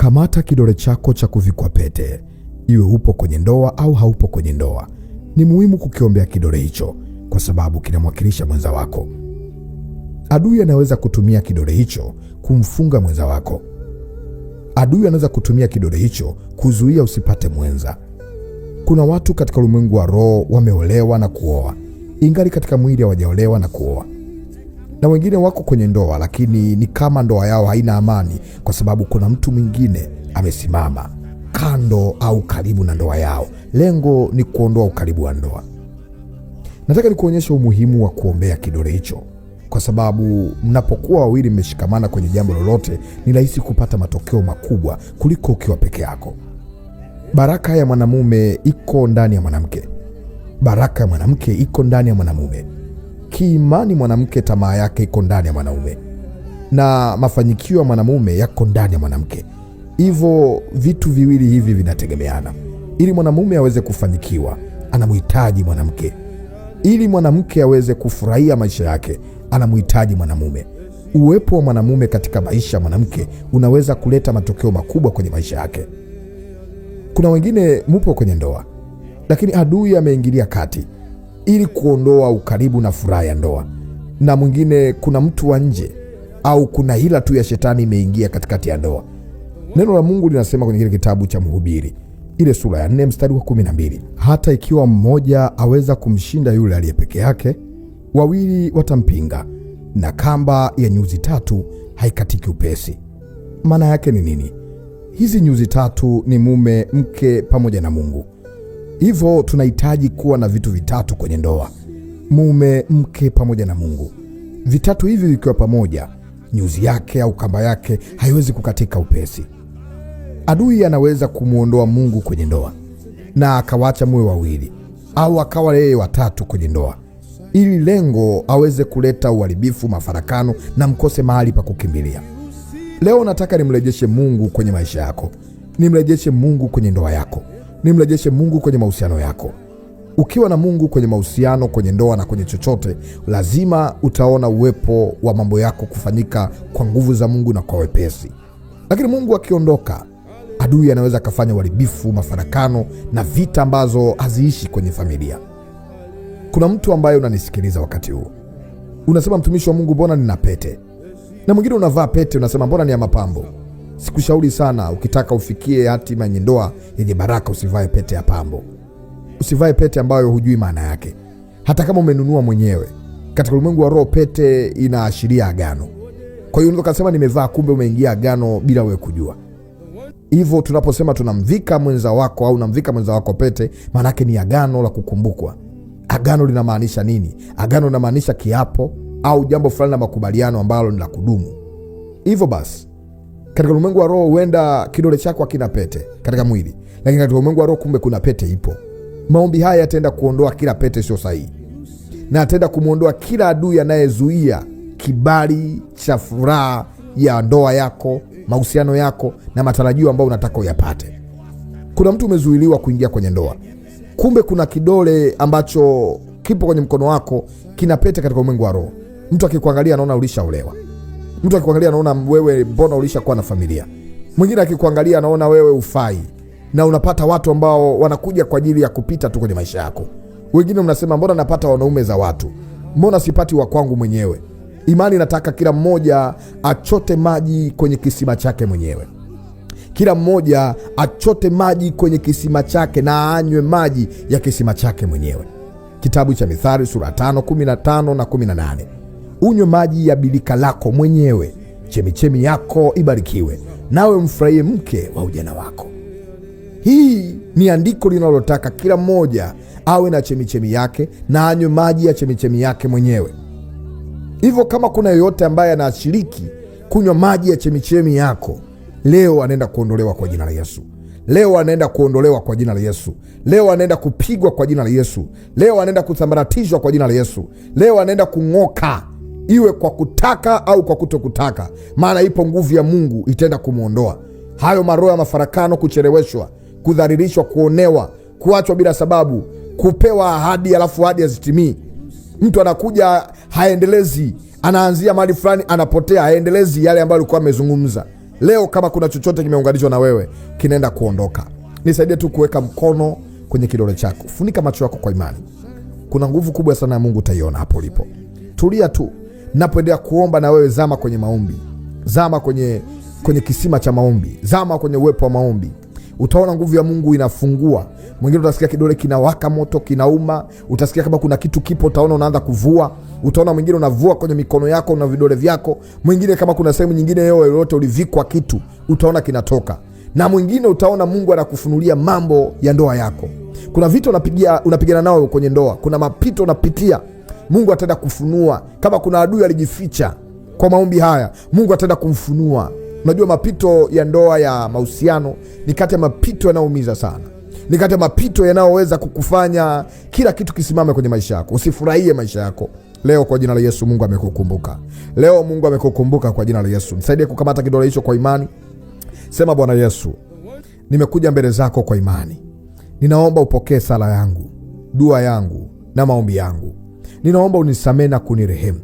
Kamata kidole chako cha kuvikwa pete, iwe upo kwenye ndoa au haupo kwenye ndoa. Ni muhimu kukiombea kidole hicho kwa sababu kinamwakilisha mwenza wako. Adui anaweza kutumia kidole hicho kumfunga mwenza wako. Adui anaweza kutumia kidole hicho kuzuia usipate mwenza. Kuna watu katika ulimwengu wa roho wameolewa na kuoa, ingali katika mwili hawajaolewa na kuoa na wengine wako kwenye ndoa, lakini ni kama ndoa yao haina amani, kwa sababu kuna mtu mwingine amesimama kando au karibu na ndoa yao. Lengo ni kuondoa ukaribu wa ndoa. Nataka nikuonyeshe umuhimu wa kuombea kidole hicho, kwa sababu mnapokuwa wawili mmeshikamana kwenye jambo lolote, ni rahisi kupata matokeo makubwa kuliko ukiwa peke yako. Baraka ya mwanamume iko ndani ya mwanamke, baraka ya mwanamke iko ndani ya mwanamume. Kiimani mwanamke tamaa yake iko ndani ya mwanaume na mafanikio ya mwanamume yako ndani ya mwanamke. Hivyo vitu viwili hivi vinategemeana. Ili mwanamume aweze kufanikiwa, anamhitaji mwanamke. Ili mwanamke aweze kufurahia maisha yake, anamhitaji mwanamume. Uwepo wa mwanamume katika maisha ya mwanamke unaweza kuleta matokeo makubwa kwenye maisha yake. Kuna wengine mupo kwenye ndoa, lakini adui ameingilia kati ili kuondoa ukaribu na furaha ya ndoa, na mwingine kuna mtu wa nje au kuna hila tu ya shetani imeingia katikati ya ndoa. Neno la Mungu linasema kwenye kile kitabu cha Mhubiri ile sura ya nne mstari wa kumi na mbili hata ikiwa mmoja aweza kumshinda yule aliye peke yake, wawili watampinga, na kamba ya nyuzi tatu haikatiki upesi. Maana yake ni nini? Hizi nyuzi tatu ni mume, mke pamoja na Mungu. Hivyo tunahitaji kuwa na vitu vitatu kwenye ndoa: mume, mke pamoja na Mungu. Vitatu hivi vikiwa pamoja, nyuzi yake au kamba yake haiwezi kukatika upesi. Adui anaweza kumwondoa Mungu kwenye ndoa na akawacha muwe wawili au akawa yeye watatu kwenye ndoa, ili lengo aweze kuleta uharibifu, mafarakano na mkose mahali pa kukimbilia. Leo nataka nimrejeshe Mungu kwenye maisha yako, nimrejeshe Mungu kwenye ndoa yako ni mrejeshe Mungu kwenye mahusiano yako. Ukiwa na Mungu kwenye mahusiano, kwenye ndoa na kwenye chochote, lazima utaona uwepo wa mambo yako kufanyika kwa nguvu za Mungu na kwa wepesi. Lakini Mungu akiondoka, adui anaweza akafanya uharibifu, mafarakano na vita ambazo haziishi kwenye familia. Kuna mtu ambaye unanisikiliza wakati huu, unasema mtumishi wa Mungu, mbona nina pete? Na mwingine unavaa pete, unasema mbona ni ya mapambo? Sikushauri sana, ukitaka ufikie hatima yenye ndoa yenye baraka, usivae pete ya pambo, usivae pete ambayo hujui maana yake, hata kama umenunua mwenyewe. Katika ulimwengu wa roho, pete inaashiria agano. Kwa hiyo unaweza kusema nimevaa, kumbe umeingia agano bila wewe kujua. Hivyo tunaposema tunamvika mwenza wako au namvika mwenza wako pete, maanake ni agano la kukumbukwa. Agano linamaanisha nini? Agano linamaanisha kiapo au jambo fulani la makubaliano ambalo ni la kudumu. Hivyo basi katika ulimwengu wa roho huenda kidole chako hakina pete katika mwili, lakini katika ulimwengu wa roho kumbe kuna pete ipo. Maombi haya yataenda kuondoa kila pete sio sahihi, na ataenda kumwondoa kila adui anayezuia kibali cha furaha ya ndoa yako, mahusiano yako na matarajio ambayo unataka uyapate. Kuna mtu umezuiliwa kuingia kwenye ndoa, kumbe kuna kidole ambacho kipo kwenye mkono wako kina pete katika ulimwengu wa roho. Mtu akikuangalia anaona ulishaolewa. Mtu akikuangalia anaona wewe, mbona ulishakuwa na familia. Mwingine akikuangalia anaona wewe ufai, na unapata watu ambao wanakuja kwa ajili ya kupita tu kwenye maisha yako. Wengine mnasema mbona napata wanaume za watu, mbona sipati wa kwangu mwenyewe? Imani nataka kila mmoja achote maji kwenye kisima chake mwenyewe, kila mmoja achote maji kwenye kisima chake na anywe maji ya kisima chake mwenyewe. Kitabu cha Mithali sura 5:15 na 18 unywe maji ya bilika lako mwenyewe, chemichemi yako ibarikiwe, nawe mfurahie mke wa ujana wako. Hii ni andiko linalotaka kila mmoja awe na chemichemi yake na anywe maji ya chemichemi yake mwenyewe. Hivyo kama kuna yoyote ambaye anashiriki kunywa maji ya chemichemi yako leo, anaenda kuondolewa kwa jina la Yesu. Leo anaenda kuondolewa kwa jina la Yesu. Leo anaenda kupigwa kwa jina la Yesu. Leo anaenda kusambaratishwa kwa jina la Yesu. Leo anaenda kung'oka iwe kwa kutaka au kwa kutokutaka, maana ipo nguvu ya Mungu itaenda kumwondoa. Hayo maroho ya mafarakano, kucheleweshwa, kudhalilishwa, kuonewa, kuachwa bila sababu, kupewa ahadi alafu ahadi hazitimii. Mtu anakuja haendelezi, anaanzia mahali fulani, anapotea, haendelezi yale ambayo alikuwa amezungumza. Leo kama kuna chochote kimeunganishwa na wewe, kinaenda kuondoka. Nisaidie tu kuweka mkono kwenye kidole chako, funika macho yako kwa imani. Kuna nguvu kubwa sana ya Mungu utaiona hapo ulipo. Tulia tu napoendelea kuomba, na wewe zama kwenye maombi, zama kwenye, kwenye kisima cha maombi, zama kwenye uwepo wa maombi. Utaona nguvu ya Mungu inafungua. Mwingine utasikia kidole kinawaka moto, kinauma. Utasikia kama kuna kitu kipo, utaona unaanza kuvua. Utaona mwingine unavua kwenye mikono yako na vidole vyako. Mwingine kama kuna sehemu nyingine yoyote ulivikwa kitu, utaona kinatoka na mwingine utaona Mungu anakufunulia mambo ya ndoa yako. Kuna vitu unapigia unapigana nao kwenye ndoa, kuna mapito unapitia, Mungu ataenda kufunua. Kama kuna adui alijificha kwa maombi haya, Mungu ataenda kumfunua. Unajua, mapito ya ndoa ya mahusiano ni kati ya mapito yanayoumiza sana, ni kati ya mapito yanayoweza kukufanya kila kitu kisimame kwenye maisha yako, usifurahie maisha yako. Leo kwa jina la Yesu, Mungu amekukumbuka. Leo Mungu amekukumbuka kwa jina la Yesu. Msaidie kukamata kidole hicho kwa imani. Sema, Bwana Yesu, nimekuja mbele zako kwa imani. Ninaomba upokee sala yangu, dua yangu na maombi yangu. Ninaomba unisamehe na kunirehemu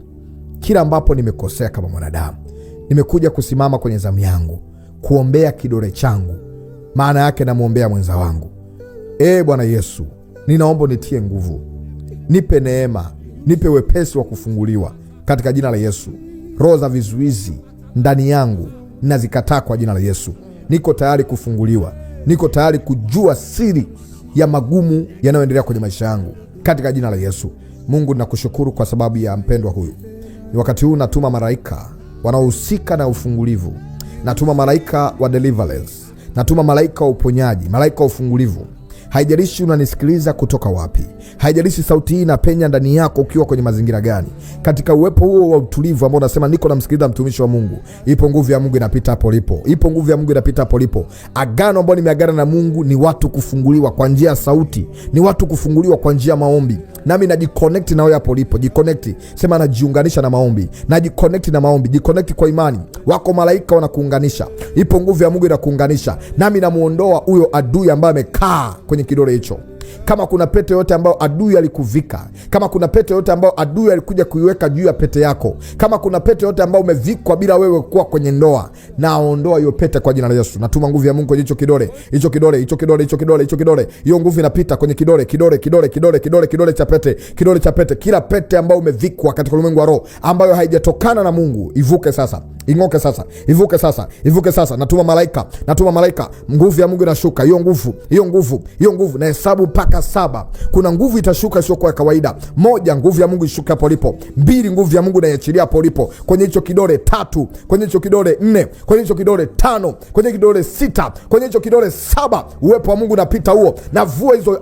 kila ambapo nimekosea kama mwanadamu. Nimekuja kusimama kwenye zamu yangu kuombea kidole changu, maana yake namwombea mwenza wangu. Ee Bwana Yesu, ninaomba unitie nguvu, nipe neema, nipe wepesi wa kufunguliwa katika jina la Yesu. Roho za vizuizi ndani yangu nazikataa kwa jina la Yesu. Niko tayari kufunguliwa, niko tayari kujua siri ya magumu yanayoendelea kwenye maisha yangu katika jina la Yesu. Mungu, ninakushukuru kwa sababu ya mpendwa huyu. Ni wakati huu natuma malaika wanaohusika na ufungulivu, natuma malaika wa deliverance, natuma malaika wa uponyaji, malaika wa ufungulivu Haijalishi unanisikiliza kutoka wapi, haijalishi sauti hii inapenya ndani yako ukiwa kwenye mazingira gani, katika uwepo huo wa utulivu ambao unasema niko namsikiliza mtumishi wa Mungu, ipo nguvu ya Mungu inapita hapo lipo, ipo nguvu ya Mungu inapita hapo lipo. Agano ambalo nimeagana na Mungu ni watu kufunguliwa kwa njia ya sauti, ni watu kufunguliwa kwa njia ya maombi. Nami najiconnect na wewe hapo lipo, jiconnect, sema najiunganisha na maombi, najiconnect na maombi, jiconnect kwa imani. Wako malaika wanakuunganisha, ipo nguvu ya Mungu inakuunganisha, nami namuondoa huyo adui ambaye amekaa kwenye quiero derecho. Kama kuna pete yote ambayo adui alikuvika, kama kuna pete yote ambayo adui alikuja kuiweka juu ya pete yako, kama kuna pete yote ambayo umevikwa bila wewe kuwa kwenye ndoa, na aondoa hiyo pete kwa jina la Yesu. Natuma nguvu ya Mungu kwenye hicho kidole, hicho kidole, hicho kidole, hicho kidole, hicho kidole. Hiyo nguvu inapita kwenye kidole, kidole, kidole, kidole, kidole, kidole cha pete, kidole cha pete. Kila pete ambayo umevikwa katika ulimwengu wa roho ambayo haijatokana na Mungu, ivuke sasa, ing'oke sasa, ivuke sasa, ivuke sasa. Natuma malaika, natuma malaika, nguvu ya Mungu inashuka. Hiyo nguvu, hiyo nguvu, hiyo nguvu na hesabu mpaka saba. Kuna nguvu itashuka sio kwa kawaida. Moja, nguvu ya Mungu ishuke hapo ulipo. Mbili, nguvu ya Mungu naiachilia hapo ulipo, kwenye hicho kidole. Tatu, kwenye hicho kidole. Nne, kwenye hicho kidole. Tano, kwenye kidole. Sita, kwenye hicho kidole. Saba, uwepo wa Mungu unapita huo. Navua hizo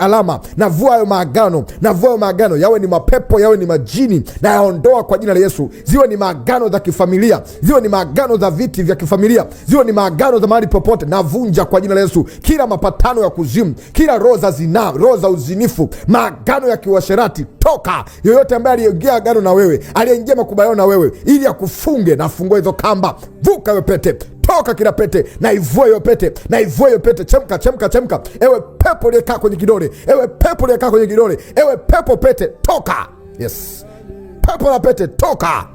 alama, navua hayo maagano, navua hayo maagano, yawe ni mapepo, yawe ni majini, na yaondoa kwa jina la Yesu. Ziwe ni maagano za kifamilia, ziwe ni maagano za viti vya kifamilia, ziwe ni maagano za mahali popote, navunja kwa jina la Yesu kila mapatano ya kuzimu, kila roho za zinaa, roho za uzinifu, maagano ya kiuasherati, toka yoyote ambaye aliyeingia agano na wewe, aliyeingia makubaliano na wewe ili akufunge, na fungue hizo kamba, vuka hiyo pete Toka kila pete na ivue hiyo pete na ivue hiyo pete. Chemka, chemka, chemka, ewe pepo liyekaa kwenye kidole, ewe pepo liyekaa kwenye kidole, ewe pepo pete, toka. Yes, pepo la pete, toka,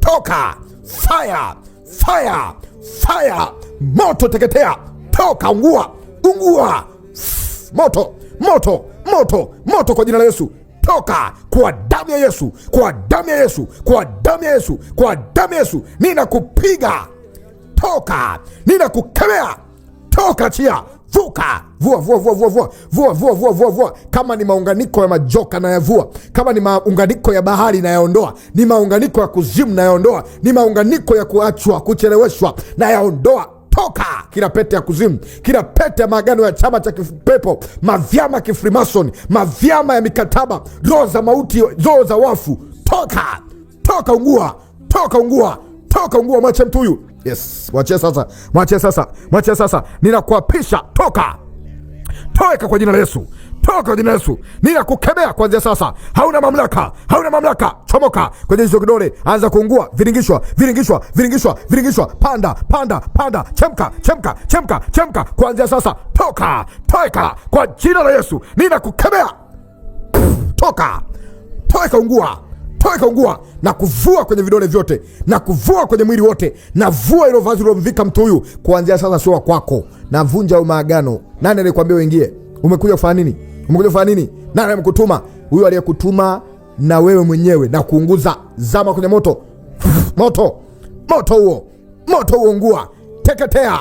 toka. Fire, fire, fire, moto, teketea, toka, ungua, ungua, moto moto, moto, moto kwa jina la Yesu. Toka kwa damu ya Yesu, kwa damu ya Yesu, kwa damu ya Yesu, kwa damu ya Yesu. Ninakupiga, toka. Ninakukemea, toka, chia, vuka Vua, vua, vua, vua, vua. Vua, vua, vua, vua, vua. Kama ni maunganiko ya majoka na yavua. Kama ni maunganiko ya bahari nayaondoa. Ni maunganiko ya kuzimu na yaondoa Ni maunganiko ya kuachwa, kucheleweshwa na yaondoa toka kila pete ya kuzimu, kila pete ya maagano ya chama cha kipepo, mavyama ya kifrimasoni, mavyama ya mikataba, roho za mauti, roho za wafu, toka toka, ungua, toka, ungua, toka, ungua, mwache mtu huyu. Yes, mwachie sasa, mwachie sasa, mwachie sasa, ninakuapisha, toka, toka kwa jina la Yesu toka kwa jina Yesu, kukemea kuanzia sasa. Hauna mamlaka, hauna mamlaka, chomoka kwenye hizo kidole, anza kuungua, viringishwa, viringishwa, viringishwa, viringishwa, panda, panda, panda, chemka, chemka, chemka, chemka, kuanzia sasa, toka, toka kwa jina la Yesu, kukemea, toka, toka, ungua toka ungua na kuvua kwenye vidole vyote na kuvua kwenye mwili wote na vua ilo vazi ulomvika mtu huyu kuanzia sasa, sio kwako. Navunja hayo maagano. Nani alikwambia uingie? Umekuja kufanya nini? Umekuja kufanya nini? Nani amekutuma? Huyo aliyekutuma na wewe mwenyewe, na kuunguza. Zama kwenye moto, moto, moto huo, moto huo, ungua, teketea,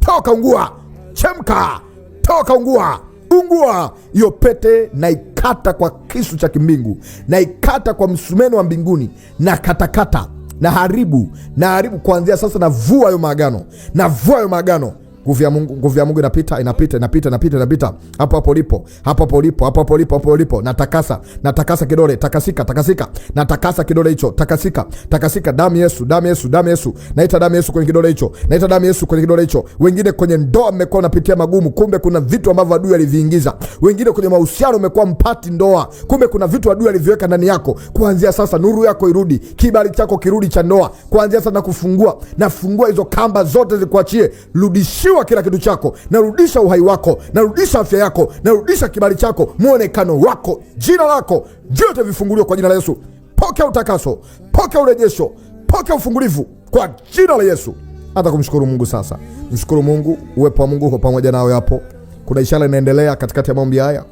toka, ungua, chemka, toka, ungua, ungua. Hiyo pete na ikata kwa kisu cha kimbingu, na ikata kwa msumeno wa mbinguni, na katakata na haribu na haribu kuanzia sasa. Navua hayo maagano, navua hiyo maagano Nguvu ya Mungu, nguvu ya Mungu inapita, inapita, inapita, inapita, inapita. Hapo hapo ulipo, hapo hapo ulipo, hapo hapo ulipo, hapo ulipo. Natakasa, natakasa kidole, takasika, takasika. Natakasa kidole hicho, takasika, takasika. Damu Yesu, damu Yesu, damu Yesu. Naita damu Yesu kwenye kidole hicho. Naita damu Yesu kwenye kidole hicho. Wengine kwenye ndoa mmekuwa unapitia magumu, kumbe kuna vitu ambavyo adui aliviingiza. Wengine kwenye mahusiano umekuwa mpati ndoa, kumbe kuna vitu adui aliviweka ndani yako. Kuanzia sasa nuru yako irudi, kibali chako kirudi cha ndoa. Kuanzia sasa nakufungua, nafungua hizo kamba zote zikuachie. Rudishi narudishiwa kila kitu chako, narudisha uhai wako, narudisha afya yako, narudisha kibali chako, mwonekano wako, jina lako, vyote vifunguliwa kwa jina la Yesu. Pokea utakaso, pokea urejesho, pokea ufungulivu kwa jina la Yesu. Hata kumshukuru Mungu sasa, mshukuru Mungu. Uwepo wa Mungu uko pamoja nawe hapo. Kuna ishara inaendelea katikati ya maombi haya,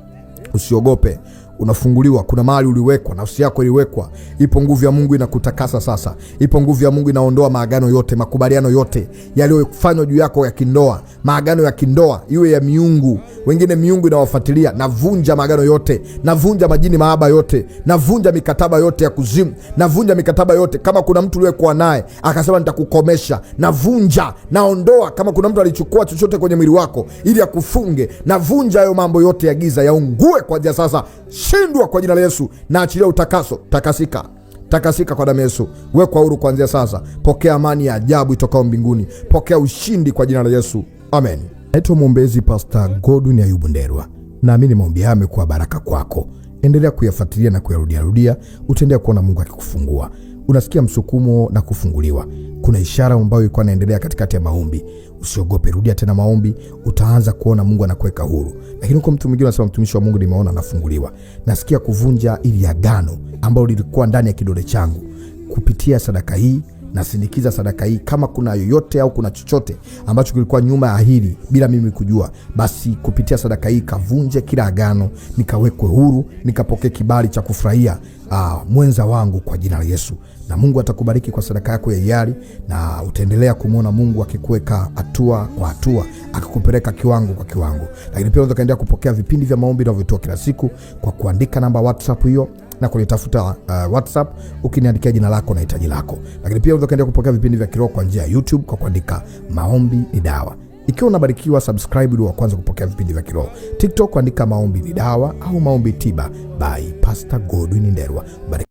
usiogope unafunguliwa. Kuna mahali uliwekwa, nafsi yako iliwekwa. Ipo nguvu ya Mungu inakutakasa sasa. Ipo nguvu ya Mungu inaondoa maagano yote, makubaliano yote yaliyofanywa juu yako ya kindoa, maagano ya kindoa, iwe ya miungu wengine, miungu inawafuatilia. Navunja maagano yote, navunja majini maaba yote, navunja mikataba yote ya kuzimu, navunja mikataba yote. Kama kuna mtu uliyekuwa naye akasema nitakukomesha, navunja, naondoa. Kama kuna mtu alichukua chochote kwenye mwili wako ili akufunge, navunja hayo mambo yote ya giza, yaungue kwa sasa shindwa kwa jina la Yesu, na achilia utakaso. Takasika, takasika kwa damu ya Yesu, wekwa huru kuanzia sasa. Pokea amani ya ajabu itokao mbinguni, pokea ushindi kwa jina la Yesu, amen. Naitwa mwombezi Pasta Godwin Ayubu nderwa Naamini maombi haya yamekuwa baraka kwako. Endelea kuyafuatilia na kuyarudiarudia, utaendelea kuona Mungu akikufungua unasikia msukumo na kufunguliwa. Kuna ishara ambayo ilikuwa inaendelea katikati ya maombi. Usiogope, rudia tena maombi, utaanza kuona Mungu anakuweka huru. Lakini huko mtu mwingine anasema, mtumishi wa Mungu nimeona anafunguliwa, nasikia kuvunja ili agano ambalo lilikuwa ndani ya kidole changu kupitia sadaka hii nasindikiza sadaka hii. Kama kuna yoyote au kuna chochote ambacho kilikuwa nyuma ya hili bila mimi kujua, basi kupitia sadaka hii kavunje kila agano, nikawekwe huru, nikapokee kibali cha kufurahia ah, mwenza wangu kwa jina la Yesu na Mungu atakubariki kwa sadaka yako ya hiari, na utaendelea kumwona Mungu akikuweka hatua kwa hatua, akikupeleka kiwango kwa kiwango. Lakini pia unaweza kaendelea kupokea vipindi vya maombi navyotoa kila siku kwa kuandika namba WhatsApp hiyo na kunitafuta uh, WhatsApp ukiniandikia jina lako na hitaji lako. Lakini pia unaweza kaendelea kupokea vipindi vya kiroho kwa njia ya YouTube kwa kuandika maombi ni dawa. Ikiwa unabarikiwa, subscribe ili wa kwanza kupokea vipindi vya kiroho. TikTok kuandika maombi ni dawa au maombi tiba by Pastor Godwin Ndelwa.